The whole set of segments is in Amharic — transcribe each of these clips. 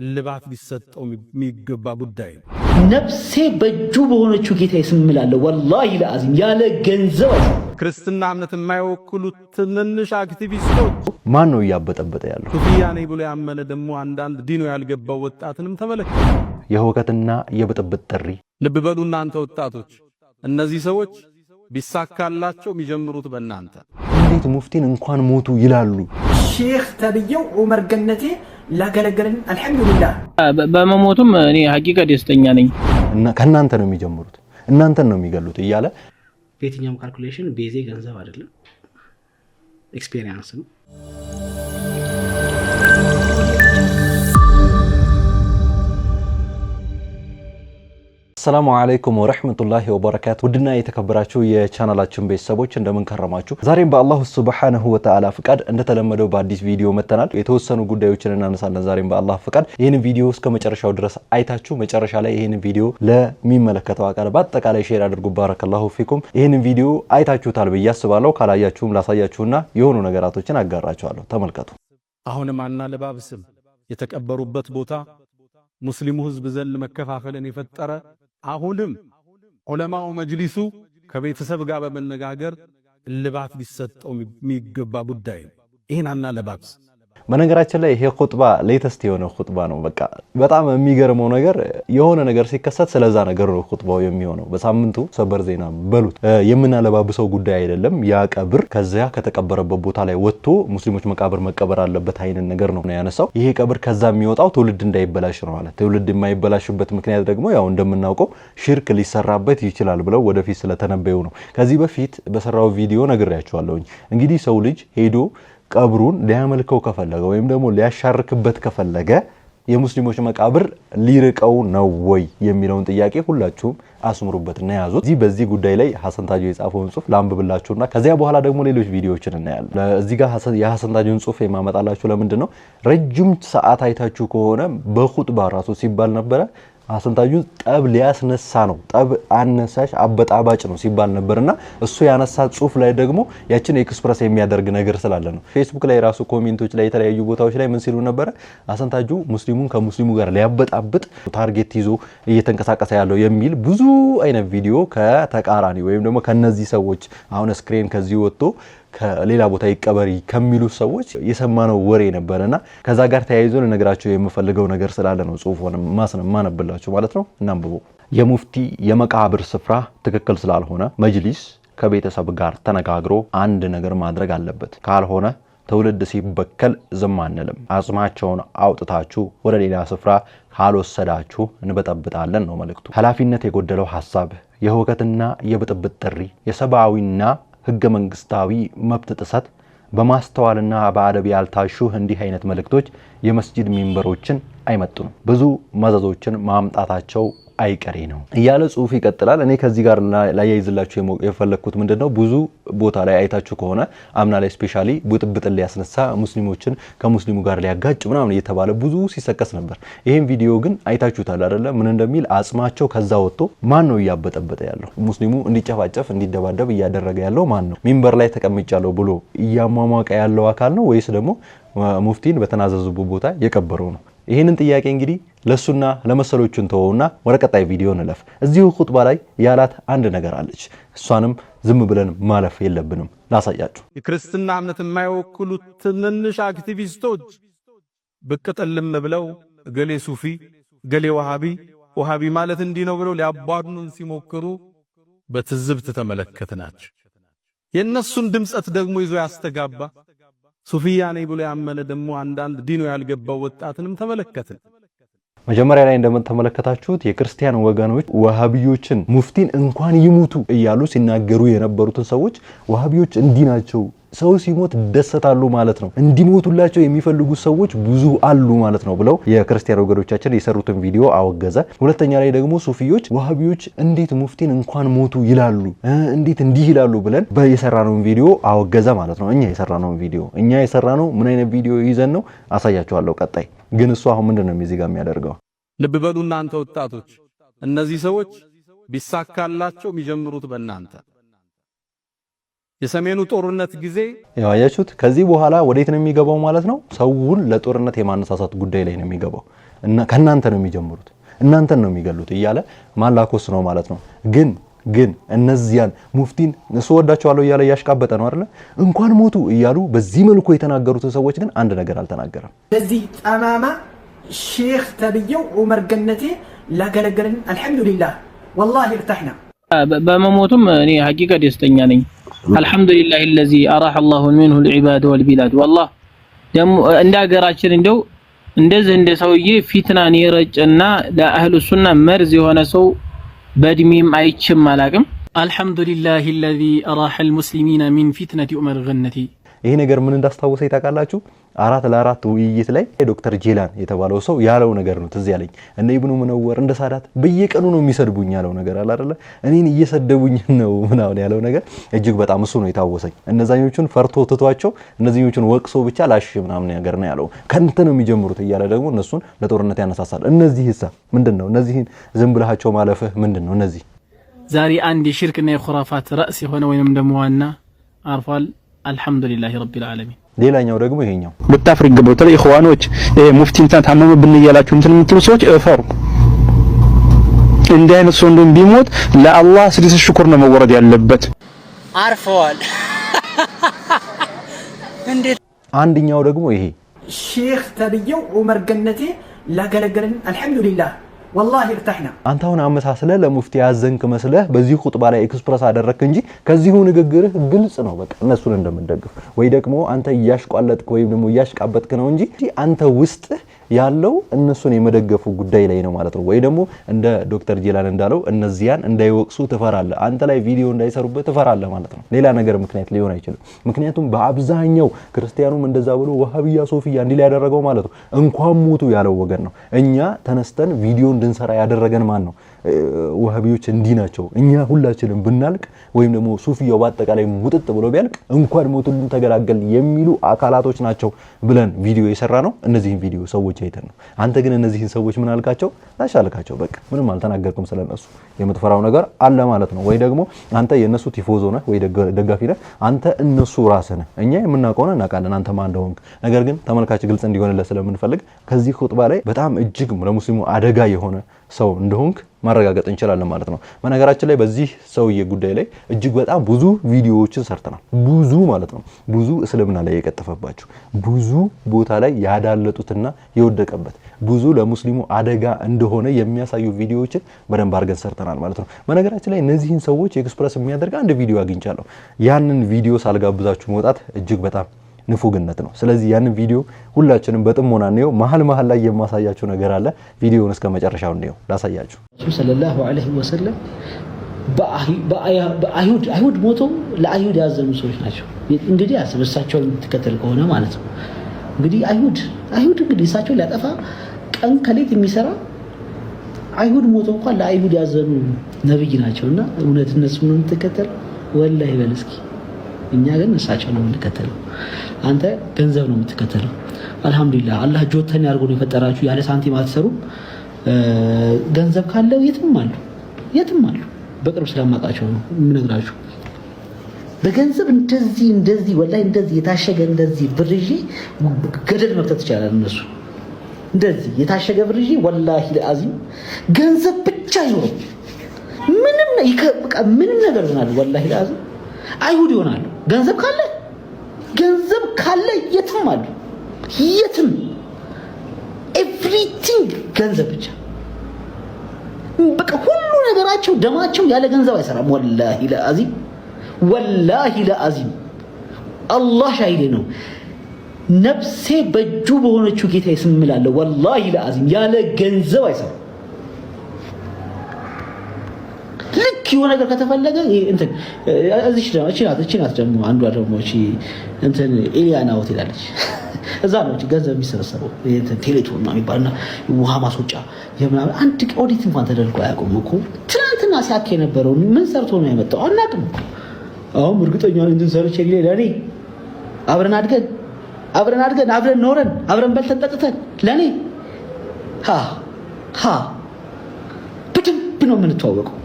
እልባት ሊሰጠው የሚገባ ጉዳይ ነው። ነፍሴ በእጁ በሆነችው ጌታ ይስምላለሁ። ወላሂ ለአዚም ያለ ገንዘብ ክርስትና እምነት የማይወክሉ ትንንሽ አክቲቪስቶች ማን ነው እያበጠበጠ ያለው? ኩፍያ ነኝ ብሎ ያመነ ደግሞ አንዳንድ ዲኖ ያልገባው ወጣትንም ተመለከተ። የሁከትና የብጥብጥ ጥሪ። ልብ በሉ እናንተ ወጣቶች፣ እነዚህ ሰዎች ቢሳካላቸው የሚጀምሩት በእናንተ። እንዴት ሙፍቲን እንኳን ሞቱ ይላሉ? ሼህ ተብዬው ዑመር ገነቴ አልሐምዱሊላህ። በመሞቱም እኔ ሀቂቃ ደስተኛ ነኝ። ከእናንተ ነው የሚጀምሩት፣ እናንተን ነው የሚገሉት እያለ በየትኛውም ካልኩሌሽን ቤዜ ገንዘብ አይደለም፣ ኤክስፔሪንስ ነው። ሰላሙ አለይኩም ወረህመቱላሂ ወበረካቱ። ውድና የተከበራችሁ የቻናላችን ቤተሰቦች እንደምንከረማችሁ፣ ዛሬም በአላሁ ስብሓነሁ ወተዓላ ፍቃድ እንደተለመደው በአዲስ ቪዲዮ መተናል። የተወሰኑ ጉዳዮችን እናነሳለን። ዛሬም በአላህ ፍቃድ ይህን ቪዲዮ እስከ መጨረሻው ድረስ አይታችሁ መጨረሻ ላይ ይህን ቪዲዮ ለሚመለከተው አካል በአጠቃላይ ሼር አድርጉ። ባረከላሁ ፊኩም። ይህን ቪዲዮ አይታችሁታል ብዬ አስባለሁ። ካላያችሁም ላሳያችሁና የሆኑ ነገራቶችን አጋራችኋለሁ። ተመልከቱ። አሁንም አና የተቀበሩበት ቦታ ሙስሊሙ ህዝብ ዘንድ መከፋፈልን የፈጠረ አሁንም ዑለማው መጅሊሱ ከቤተሰብ ጋር በመነጋገር እልባት ሊሰጠው የሚገባ ጉዳይ ነው። ይህን አናለባብስ በነገራችን ላይ ይሄ ሁጥባ ሌተስት የሆነ ሁጥባ ነው። በቃ በጣም የሚገርመው ነገር የሆነ ነገር ሲከሰት ስለዛ ነገር ነው ሁጥባው የሚሆነው። በሳምንቱ ሰበር ዜና በሉት የምናለባብሰው ጉዳይ አይደለም። ያ ቀብር ከዚያ ከተቀበረበት ቦታ ላይ ወጥቶ ሙስሊሞች መቃብር መቀበር አለበት አይነት ነገር ነው ያነሳው። ይሄ ቀብር ከዛ የሚወጣው ትውልድ እንዳይበላሽ ነው አለ። ትውልድ የማይበላሽበት ምክንያት ደግሞ ያው እንደምናውቀው ሽርክ ሊሰራበት ይችላል ብለው ወደፊት ስለተነበዩ ነው። ከዚህ በፊት በሰራው ቪዲዮ ነግሬያቸዋለሁኝ። እንግዲህ ሰው ልጅ ሄዶ ቀብሩን ሊያመልከው ከፈለገ ወይም ደግሞ ሊያሻርክበት ከፈለገ የሙስሊሞች መቃብር ሊርቀው ነው ወይ የሚለውን ጥያቄ ሁላችሁም አስምሩበትና ያዙት። እዚህ በዚህ ጉዳይ ላይ ሀሰን የጻፈውን ጽሁፍ ላንብብላችሁና ከዚያ በኋላ ደግሞ ሌሎች ቪዲዮዎችን እናያለን። እዚህ ጋር የሀሰን ታጁን ጽሁፍ የማመጣላችሁ ለምንድን ነው? ረጅም ሰዓት አይታችሁ ከሆነ በኹጥባ ራሱ ሲባል ነበረ አሰልጣኙ ጠብ ሊያስነሳ ነው፣ ጠብ አነሳሽ አበጣባጭ ነው ሲባል ነበርና እሱ ያነሳ ጽሁፍ ላይ ደግሞ ያችን ኤክስፕረስ የሚያደርግ ነገር ስላለ ነው። ፌስቡክ ላይ ራሱ ኮሜንቶች ላይ የተለያዩ ቦታዎች ላይ ምን ሲሉ ነበረ? አሰልጣኙ ሙስሊሙን ከሙስሊሙ ጋር ሊያበጣብጥ ታርጌት ይዞ እየተንቀሳቀሰ ያለው የሚል ብዙ አይነት ቪዲዮ ከተቃራኒ ወይም ደግሞ ከነዚህ ሰዎች አሁን ስክሪን ከዚህ ወጥቶ ከሌላ ቦታ ይቀበር ከሚሉ ሰዎች የሰማነው ወሬ እና ከዛ ጋር ተያይዞ ልነግራቸው የምፈልገው ነገር ስላለ ነው ጽሁፎን ማነብላቸው ማለት ነው። እናንብቦ የሙፍቲ የመቃብር ስፍራ ትክክል ስላልሆነ መጅሊስ ከቤተሰብ ጋር ተነጋግሮ አንድ ነገር ማድረግ አለበት። ካልሆነ ትውልድ ሲበከል ዝም አንልም። አጽማቸውን አውጥታችሁ ወደ ሌላ ስፍራ ካልወሰዳችሁ እንበጠብጣለን ነው መልእክቱ። ኃላፊነት የጎደለው ሀሳብ፣ የሁከትና የብጥብጥ ጥሪ፣ የሰብአዊና ህገ መንግስታዊ መብት ጥሰት በማስተዋልና በአደብ ያልታሹ እንዲህ አይነት መልእክቶች የመስጂድ ሚንበሮችን አይመጡም፣ ብዙ መዘዞችን ማምጣታቸው አይቀሬ ነው እያለ ጽሁፍ ይቀጥላል። እኔ ከዚህ ጋር ላያይዝላችሁ የፈለግኩት ምንድን ነው፣ ብዙ ቦታ ላይ አይታችሁ ከሆነ አምና ላይ ስፔሻሊ ብጥብጥን ሊያስነሳ ሙስሊሞችን ከሙስሊሙ ጋር ሊያጋጭ ምናምን እየተባለ ብዙ ሲሰከስ ነበር። ይህም ቪዲዮ ግን አይታችሁታል አይደለ? ምን እንደሚል አጽማቸው ከዛ ወጥቶ ማን ነው እያበጠበጠ ያለው ሙስሊሙ እንዲጨፋጨፍ እንዲደባደብ እያደረገ ያለው ማን ነው? ሚንበር ላይ ተቀምጫለሁ ብሎ እያሟሟቀ ያለው አካል ነው ወይስ ደግሞ ሙፍቲን በተናዘዙበት ቦታ የቀበረው ነው? ይህንን ጥያቄ እንግዲህ ለሱና ለመሰሎቹ እንተወውና ወደ ቀጣይ ቪዲዮ እንለፍ። እዚሁ ኹጥባ ላይ ያላት አንድ ነገር አለች። እሷንም ዝም ብለን ማለፍ የለብንም። ላሳያችሁ። የክርስትና እምነት የማይወክሉ ትንንሽ አክቲቪስቶች ብቅ ጥልም ብለው እገሌ ሱፊ፣ እገሌ ዋሃቢ፣ ውሃቢ ማለት እንዲህ ነው ብለው ሊያባዱን ሲሞክሩ በትዝብት ተመለከትናቸው። የእነሱን ድምፀት ደግሞ ይዞ ያስተጋባ ሱፊያ ነኝ ብሎ ያመነ ደግሞ አንዳንድ ዲኖ ያልገባው ወጣትንም ተመለከትን። መጀመሪያ ላይ እንደምትመለከታችሁት የክርስቲያን ወገኖች ወሃቢዮችን ሙፍቲን እንኳን ይሙቱ እያሉ ሲናገሩ የነበሩትን ሰዎች ወሃቢዮች እንዲህ ናቸው ሰው ሲሞት ደሰታሉ ማለት ነው። እንዲሞቱላቸው የሚፈልጉ ሰዎች ብዙ አሉ ማለት ነው ብለው የክርስቲያን ወገኖቻችን የሰሩትን ቪዲዮ አወገዘ። ሁለተኛ ላይ ደግሞ ሱፊዮች ዋሃቢዎች እንዴት ሙፍቲን እንኳን ሞቱ ይላሉ እንዴት እንዲህ ይላሉ ብለን የሰራነውን ቪዲዮ አወገዘ ማለት ነው። እኛ የሰራነውን ቪዲዮ እኛ የሰራነው ምን አይነት ቪዲዮ ይዘን ነው አሳያችኋለሁ ቀጣይ። ግን እሱ አሁን ምንድን ነው እዚህ የሚያደርገው? ልብ በሉ እናንተ ወጣቶች፣ እነዚህ ሰዎች ቢሳካላቸው የሚጀምሩት በእናንተ የሰሜኑ ጦርነት ጊዜ ያያችሁት ከዚህ በኋላ ወዴት ነው የሚገባው ማለት ነው። ሰውን ለጦርነት የማነሳሳት ጉዳይ ላይ ነው የሚገባው ከእናንተ ነው የሚጀምሩት እናንተን ነው የሚገሉት እያለ ማላኮስ ነው ማለት ነው። ግን ግን እነዚያን ሙፍቲን እሱ ወዳቸዋለሁ እያለ እያሽቃበጠ ነው አይደለ? እንኳን ሞቱ እያሉ በዚህ መልኩ የተናገሩትን ሰዎች ግን አንድ ነገር አልተናገረም። በዚህ ጠማማ ሼክ ተብዬው ዑመር ገነቴ ላገለገለን አልሐምዱሊላህ ወላሂ እርታሕና በመሞቱም እኔ ሀቂቃ ደስተኛ ነኝ። አልሐምዱሊላህ ለዚ አራሐ ላሁ ሚንሁ ልዕባድ ወልቢላድ። ወላሂ ደግሞ እንደ ሀገራችን እንደው እንደዚህ እንደ ሰውዬ ፊትናን የረጭና ለአህሉ ሱና መርዝ የሆነ ሰው በእድሜም አይችም አላቅም። አልሐምዱሊላህ ለዚ አራሐ ልሙስሊሚና ሚን ፊትነቲ ኡመር ገነቲ ይሄ ነገር ምን እንዳስታወሰ ታውቃላችሁ? አራት ለአራት ውይይት ላይ ዶክተር ጄላን የተባለው ሰው ያለው ነገር ነው ትዝ ያለኝ። እነ ኢብኑ ምነወር እንደ ሳዳት በየቀኑ ነው የሚሰድቡኝ ያለው ነገር አለ አይደለ? እኔን እየሰደቡኝ ነው ምናምን ያለው ነገር እጅግ በጣም እሱ ነው የታወሰኝ። እነዛኞቹን ፈርቶ ትቷቸው እነዚኞቹን ወቅሶ ብቻ ላሽ ምናምን ነገር ነው ያለው። ከንተ ነው የሚጀምሩት እያለ ደግሞ እነሱን ለጦርነት ያነሳሳል። እነዚህ ሳ ምንድን ነው እነዚህን ዝም ብለሃቸው ማለፍህ ምንድን ነው? እነዚህ ዛሬ አንድ የሽርክና የኹራፋት ራስ የሆነ ወይንም ደግሞ ዋና አርፏል። አልሐምዱሊላህ ረቢል ዓለሚን። ሌላኛው ደግሞ ይሄኛው ልታፍር ይገባው። በተለይ ኢኽዋኖች ሙፍቲ እንትና ታመመብን እያላችሁ እንትን የምትሉ ሰዎች እፈሩ። እንዲህ አይነት ሰው እንደውም ቢሞት ለአላህ ስድስት ሽኩር ነው መወረድ ያለበት። አርፈዋል። አንድኛው ደግሞ ይሄ ሼክ ተብዬው ዑመር ገነቴ ላገለገለን አልሐምዱሊላህ ወላሂ እርተሕና አንተ አሁን አመሳስለህ ለሙፍቲ ያዘንክ መስለህ በዚህ ኹጥባ ላይ ኤክስፕረስ አደረክ እንጂ ከዚሁ ንግግርህ ግልጽ ነው። በቃ እነሱን እንደምንደግፍ ወይ ደግሞ አንተ እያሽቋለጥክ ወይም ደግሞ እያሽቃበጥክ ነው እንጂ አንተ ውስጥህ ያለው እነሱን የመደገፉ ጉዳይ ላይ ነው ማለት ነው። ወይ ደግሞ እንደ ዶክተር ጄላን እንዳለው እነዚያን እንዳይወቅሱ ትፈራለህ፣ አንተ ላይ ቪዲዮ እንዳይሰሩበት ትፈራለህ ማለት ነው። ሌላ ነገር ምክንያት ሊሆን አይችልም። ምክንያቱም በአብዛኛው ክርስቲያኑም እንደዛ ብሎ ዋሃብያ ሶፊያ እንዲል ያደረገው ማለት ነው እንኳን ሞቱ ያለው ወገን ነው። እኛ ተነስተን ቪዲዮ እንድንሰራ ያደረገን ማን ነው? ዋህቢዎች እንዲህ ናቸው። እኛ ሁላችንም ብናልቅ ወይም ደግሞ ሱፊያው በአጠቃላይ ሙጥጥ ብሎ ቢያልቅ እንኳን ሞቱልን ተገላገል የሚሉ አካላቶች ናቸው ብለን ቪዲዮ የሰራ ነው። እነዚህን ቪዲዮ ሰዎች አይተን ነው። አንተ ግን እነዚህን ሰዎች ምን አልካቸው? አሻልካቸው። በቃ ምንም አልተናገርኩም ስለነሱ። የምትፈራው ነገር አለ ማለት ነው። ወይ ደግሞ አንተ የእነሱ ቲፎዞ ነህ ወይ ደጋፊ ነህ። አንተ እነሱ ራስህ ነህ። እኛ የምናውቀው እናውቃለን አንተ ማን እንደሆንክ። ነገር ግን ተመልካች ግልጽ እንዲሆንለት ስለምንፈልግ ከዚህ ኹጥባ ላይ በጣም እጅግ ለሙስሊሙ አደጋ የሆነ ሰው እንደሆንክ ማረጋገጥ እንችላለን ማለት ነው። በነገራችን ላይ በዚህ ሰውዬ ጉዳይ ላይ እጅግ በጣም ብዙ ቪዲዮዎችን ሰርተናል። ብዙ ማለት ነው ብዙ እስልምና ላይ የቀጠፈባቸው ብዙ ቦታ ላይ ያዳለጡትና የወደቀበት ብዙ ለሙስሊሙ አደጋ እንደሆነ የሚያሳዩ ቪዲዮዎችን በደንብ አድርገን ሰርተናል ማለት ነው። በነገራችን ላይ እነዚህን ሰዎች ኤክስፕረስ የሚያደርግ አንድ ቪዲዮ አግኝቻለሁ። ያንን ቪዲዮ ሳልጋብዛችሁ መውጣት እጅግ በጣም ንፉግነት ነው። ስለዚህ ያንን ቪዲዮ ሁላችንም በጥሞና እንየው። መሀል መሀል ላይ የማሳያችሁ ነገር አለ። ቪዲዮውን እስከ መጨረሻው እንየው ላሳያችሁ። ሰለላሁ ዐለይሂ ወሰለም አይሁድ ሞቶ ለአይሁድ ያዘኑ ሰዎች ናቸው። እንግዲህ እሳቸው የምትከተል ከሆነ ማለት ነው። እንግዲህ አይሁድ አይሁድ እንግዲህ እሳቸው ሊያጠፋ ቀን ከሌት የሚሰራ አይሁድ ሞቶ እንኳን ለአይሁድ ያዘኑ ነብይ ናቸው እና እውነት እነሱ ነው የምትከተል ወላሂ በል እስኪ እኛ ግን እሳቸው ነው የምንከተለው። አንተ ገንዘብ ነው የምትከተለው። አልሐምዱሊላ አላህ ጆተን ያርጎ ነው የፈጠራችሁ። ያለ ሳንቲም አትሰሩም። ገንዘብ ካለው የትም አሉ፣ የትም አሉ። በቅርብ ስለማውቃቸው ነው የምነግራችሁ። በገንዘብ እንደዚህ እንደዚህ ወላሂ እንደዚህ የታሸገ እንደዚህ ብር ገደል መክተት ይቻላል። እነሱ እንደዚህ የታሸገ ብር ወላሂ ለአዚም ገንዘብ ብቻ ይዞረው ምንም ነገር ይሆናሉ። ወላሂ ለአዚም አይሁድ ይሆናሉ። ገንዘብ ካለ ገንዘብ ካለ የትም አሉ የትም ኤቭሪቲንግ ገንዘብ ብቻ በቃ ሁሉ ነገራቸው ደማቸው ያለ ገንዘብ አይሰራም። ወላሂ ለአዚም ወላሂ ለአዚም አላህ ሻሂዴ ነው። ነፍሴ በእጁ በሆነችው ጌታ ስምላለሁ። ወላሂ ለአዚም ያለ ገንዘብ አይሰራም። ኪዩ ነገር ከተፈለገ እንትን እዚች ናት። ደግሞ አንዷ ደግሞ እንትን ኤሊያና ሆቴል አለች። እዛ ነው ገንዘብ የሚሰበሰበው ቴሌቶን የሚባልና ውሃ ማስወጫ የምናምን አንድ ኦዲት እንኳን ተደርጎ አያውቁም እኮ። ትናንትና ሲያካ የነበረውን ምን ሰርቶ ነው የመጣው አናውቅም። አሁን እርግጠኛ እንትን ሰርቼ ለእኔ አብረን አድገን አብረን አድገን አብረን ኖረን አብረን በልተን ጠጥተን ለእኔ ሀ ሀ በደንብ ነው የምንተዋወቀው።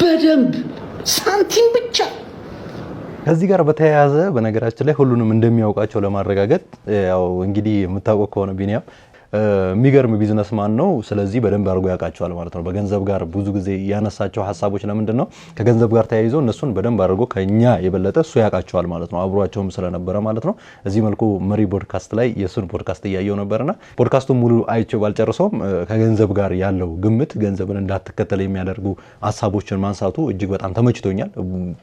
በደንብ ሳንቲም ብቻ። ከዚህ ጋር በተያያዘ በነገራችን ላይ ሁሉንም እንደሚያውቃቸው ለማረጋገጥ ያው እንግዲህ የምታውቀው ከሆነ ቢኒያም የሚገርም ማን ነው። ስለዚህ በደንብ አድርጎ ያውቃቸዋል ማለት ነው። በገንዘብ ጋር ብዙ ጊዜ ያነሳቸው ሀሳቦች ለምንድን ነው ከገንዘብ ጋር ተያይዞ እነሱን በደንብ አድርጎ ከኛ የበለጠ እሱ ያውቃቸዋል ማለት ነው። አብሯቸውም ስለነበረ ማለት ነው። እዚህ መልኩ መሪ ፖድካስት ላይ የእሱን ፖድካስት እያየው ነበርና ፖድካስቱን ሙሉ አይቼው ባልጨርሰውም ከገንዘብ ጋር ያለው ግምት ገንዘብን እንዳትከተል የሚያደርጉ ሀሳቦችን ማንሳቱ እጅግ በጣም ተመችቶኛል።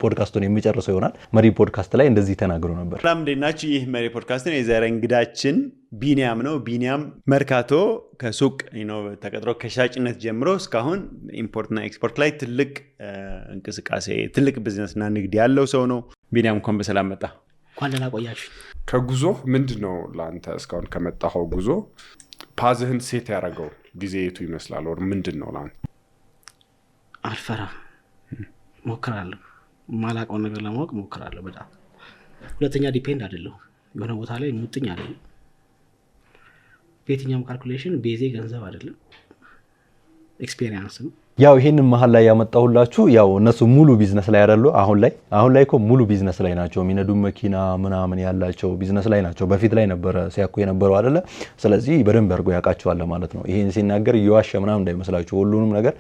ፖድካስቱን የሚጨርሰው ይሆናል። መሪ ፖድካስት ላይ እንደዚህ ተናግሮ ነበር። ሰላም፣ እንዴት ናችሁ? ይህ መሪ ፖድካስትን የዛሬ እንግዳችን ቢኒያም ነው። ቢኒያም መርካቶ ከሱቅ ተቀጥሮ ከሻጭነት ጀምሮ እስካሁን ኢምፖርትና ኤክስፖርት ላይ ትልቅ እንቅስቃሴ፣ ትልቅ እና ንግድ ያለው ሰው ነው። ቢኒያም እንኳን በሰላም መጣ። እንኳን ደህና ከጉዞ ምንድ ነው ለአንተ እስካሁን ከመጣኸው ጉዞ ፓዝህን ሴት ያደረገው ጊዜ የቱ ይመስላል? ወር ምንድን ነው ለአንተ? አልፈራ ሞክራለሁ። የማላውቀውን ነገር ለማወቅ ሞክራለሁ በጣም ሁለተኛ ዲፔንድ አደለሁ የሆነ ቦታ ላይ ሙጥኝ አይደለም በየትኛውም ካልኩሌሽን ቤዜ ገንዘብ አይደለም። ኤክስፔሪንስ ነው። ያው ይሄንን መሀል ላይ ያመጣሁላችሁ ያው እነሱ ሙሉ ቢዝነስ ላይ አይደሉ። አሁን ላይ አሁን ላይ እኮ ሙሉ ቢዝነስ ላይ ናቸው። የሚነዱ መኪና ምናምን ያላቸው ቢዝነስ ላይ ናቸው። በፊት ላይ ነበረ ሲያኩ የነበረው አይደለ። ስለዚህ በደንብ አድርጎ ያውቃቸዋል ማለት ነው። ይሄን ሲናገር እየዋሸ ምናምን እንዳይመስላችሁ፣ ሁሉንም ነገር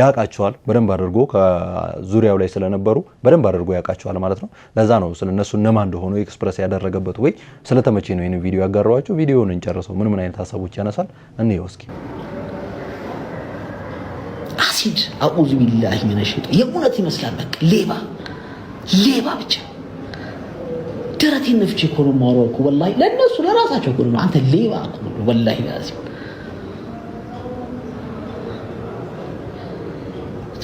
ያውቃቸዋል በደንብ አድርጎ። ከዙሪያው ላይ ስለነበሩ በደንብ አድርጎ ያውቃቸዋል ማለት ነው። ለዛ ነው ስለ እነሱ እነማን እንደሆኑ ኤክስፕረስ ያደረገበት ወይ ስለተመቼ ነው ይህን ቪዲዮ ያጋራዋቸው። ቪዲዮውን እንጨርሰው። ምን ምን አይነት ሀሳቦች ያነሳል እንየው እስኪ አሲድ አዑዝ ቢላሂ ሚነሸጠ የእውነት ይመስላል። በቃ ሌባ ሌባ ብቻ ደረቴን ነፍቼ እኮ ነው የማወራው እኮ ወላሂ፣ ለእነሱ ለራሳቸው እኮ ነው። አንተ ሌባ እኮ ነው ወላሂ።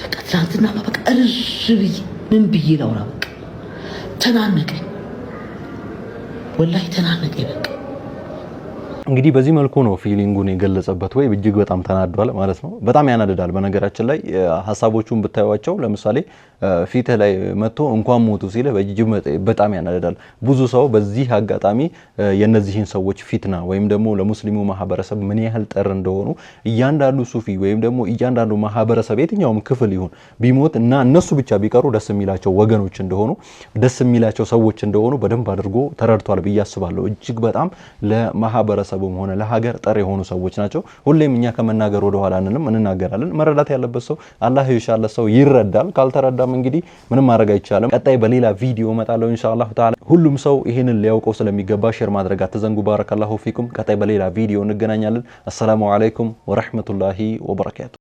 በቃ ትናንትና በቃ እርስ ብዬ ምን ብዬ ላውራ በቃ ተናነቀኝ፣ ወላሂ ተናነቀኝ በቃ እንግዲህ በዚህ መልኩ ነው ፊሊንጉን የገለጸበት ወይ እጅግ በጣም ተናዷል ማለት ነው። በጣም ያናድዳል። በነገራችን ላይ ሀሳቦቹን ብታዩቸው፣ ለምሳሌ ፊትህ ላይ መጥቶ እንኳን ሞቱ ሲልህ በእጅግ በጣም ያናድዳል። ብዙ ሰው በዚህ አጋጣሚ የእነዚህን ሰዎች ፊትና ወይም ደግሞ ለሙስሊሙ ማህበረሰብ ምን ያህል ጠር እንደሆኑ እያንዳንዱ ሱፊ ወይም ደግሞ እያንዳንዱ ማህበረሰብ የትኛውም ክፍል ይሁን ቢሞት እና እነሱ ብቻ ቢቀሩ ደስ የሚላቸው ወገኖች እንደሆኑ ደስ የሚላቸው ሰዎች እንደሆኑ በደንብ አድርጎ ተረድቷል ብዬ አስባለሁ። እጅግ በጣም ለማህበረሰብ ለማህበረሰቡም ሆነ ለሀገር ጠር የሆኑ ሰዎች ናቸው። ሁሌም እኛ ከመናገር ወደ ኋላ አንልም፣ እንናገራለን። መረዳት ያለበት ሰው አላህ ይሻለ ሰው ይረዳል። ካልተረዳም እንግዲህ ምንም ማድረግ አይቻልም። ቀጣይ በሌላ ቪዲዮ እመጣለሁ ኢንሻአላህ ተዓላ። ሁሉም ሰው ይህንን ሊያውቀው ስለሚገባ ሼር ማድረግ አትዘንጉ። ባረከላሁ ፊኩም። ቀጣይ በሌላ ቪዲዮ እንገናኛለን። አሰላሙ አለይኩም ወረህመቱላሂ ወበረካቱ።